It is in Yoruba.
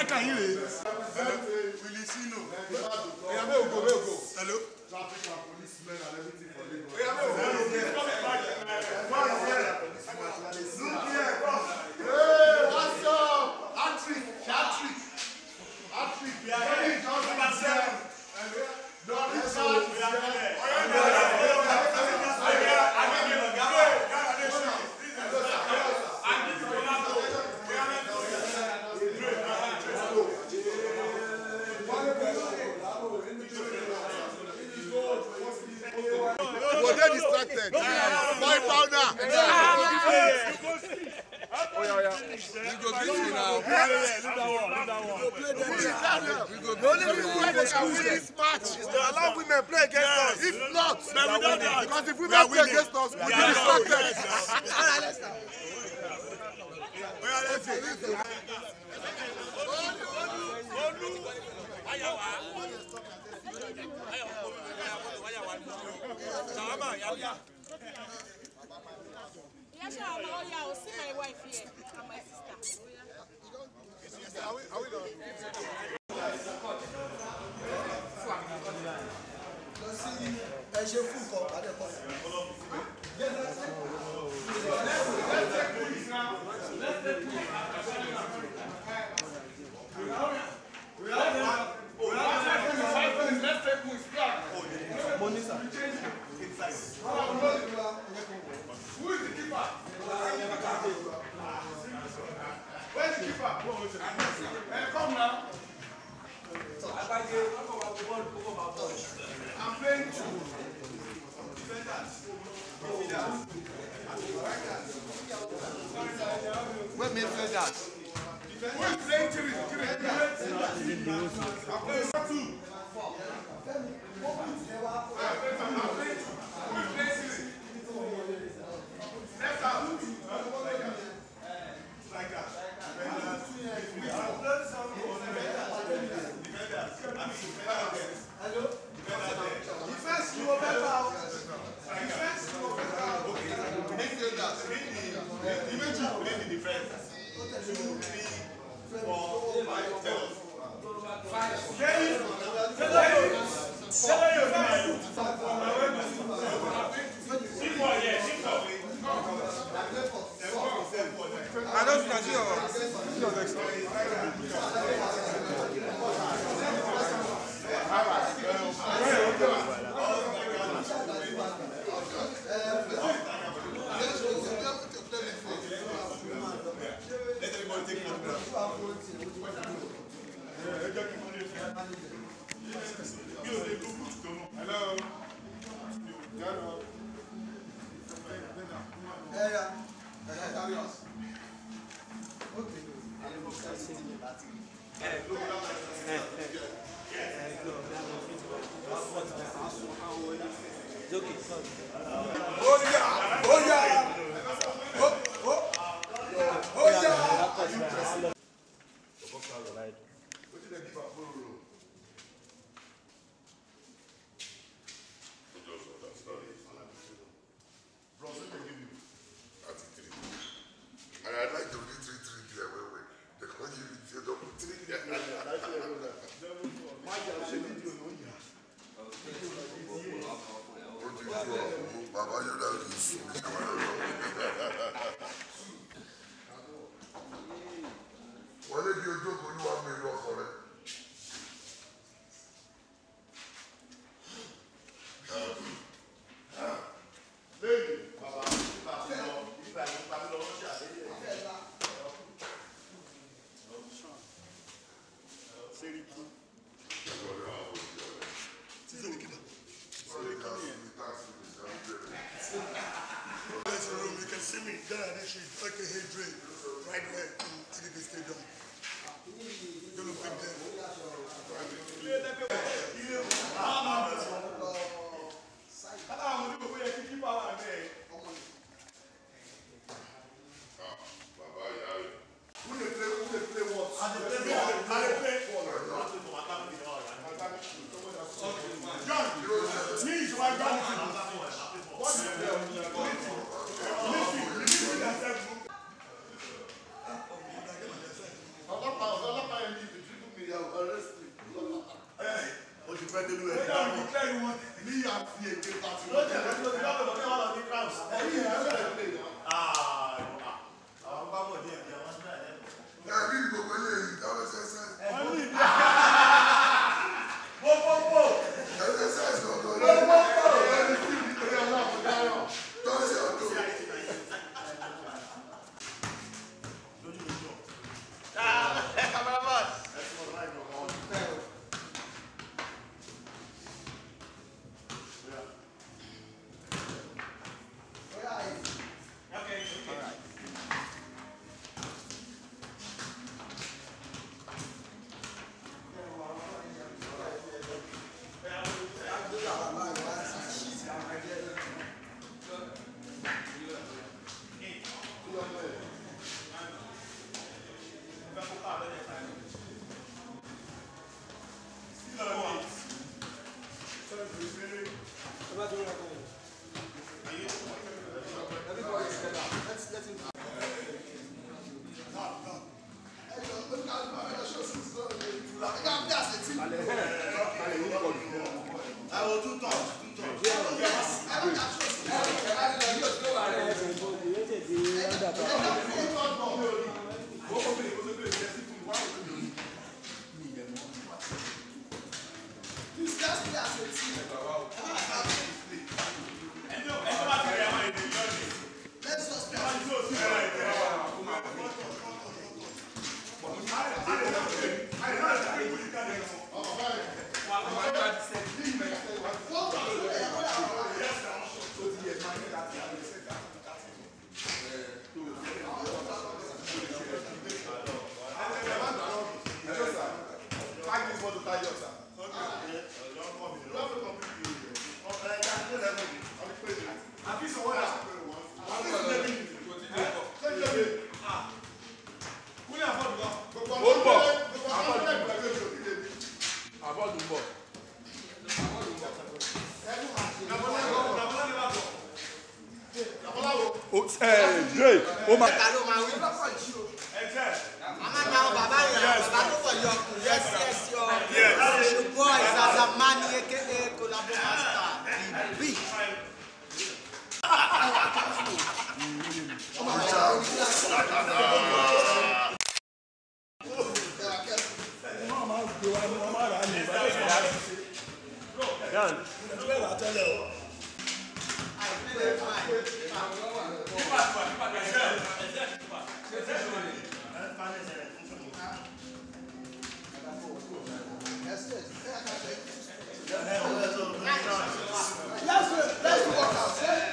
máìkà yìí rèé. wìlì sínú. ẹ̀yà bẹ́ẹ̀ ògo bẹ́ẹ̀ ògo. hello. traffic and police and everything for Lagos. ẹ̀yà bẹ́ẹ̀ ògo bẹ́ẹ̀ ògo. wọ́n yẹ lukiyẹ what's up hattrick hattrick hattrick. yẹ́n ní ìjọba sẹ́yìn. dọ́rí sáà ti sẹ́yìn. boy powder. You go beat you now. You go beat me. The only reason why they can win this match is to allow women play against yes. us. If not, because if women play against us, we'll be distracted. Oya let's go. Olu, Olu, Ayawa. Ayawa. Ayawa. Sàmà yàrá. Yes, sir, I'm all y'all. See my wife here and my sister. Are we, are we going? Ẹ ṣe fún kọ adẹ́kọ̀. Who is the keeper? Where's the keeper? Come now. I'm playing two defenders. Where midfielders? Who is playing three? Defenders. I'm playing two. I'm playing two. Sit carriers. Okay. Oh yeah, oh yeah, oh, oh, oh yeah. and she took a head drink right there to Adidas Stadium. Don't look at them. Bàbá àwọn onígbòkó yẹ kí fẹ́ dénú ẹ̀ nígbà mi ní àfi èké today ó máa. ẹ̀ka ló máa wí. màmá náà bàbá ìyá bàbá tó wọ̀ yọ kù yẹ sí ẹ sí ọ. ṣùgbọ́n ìsàzàmánì aka collabo master the big. That's the, that's the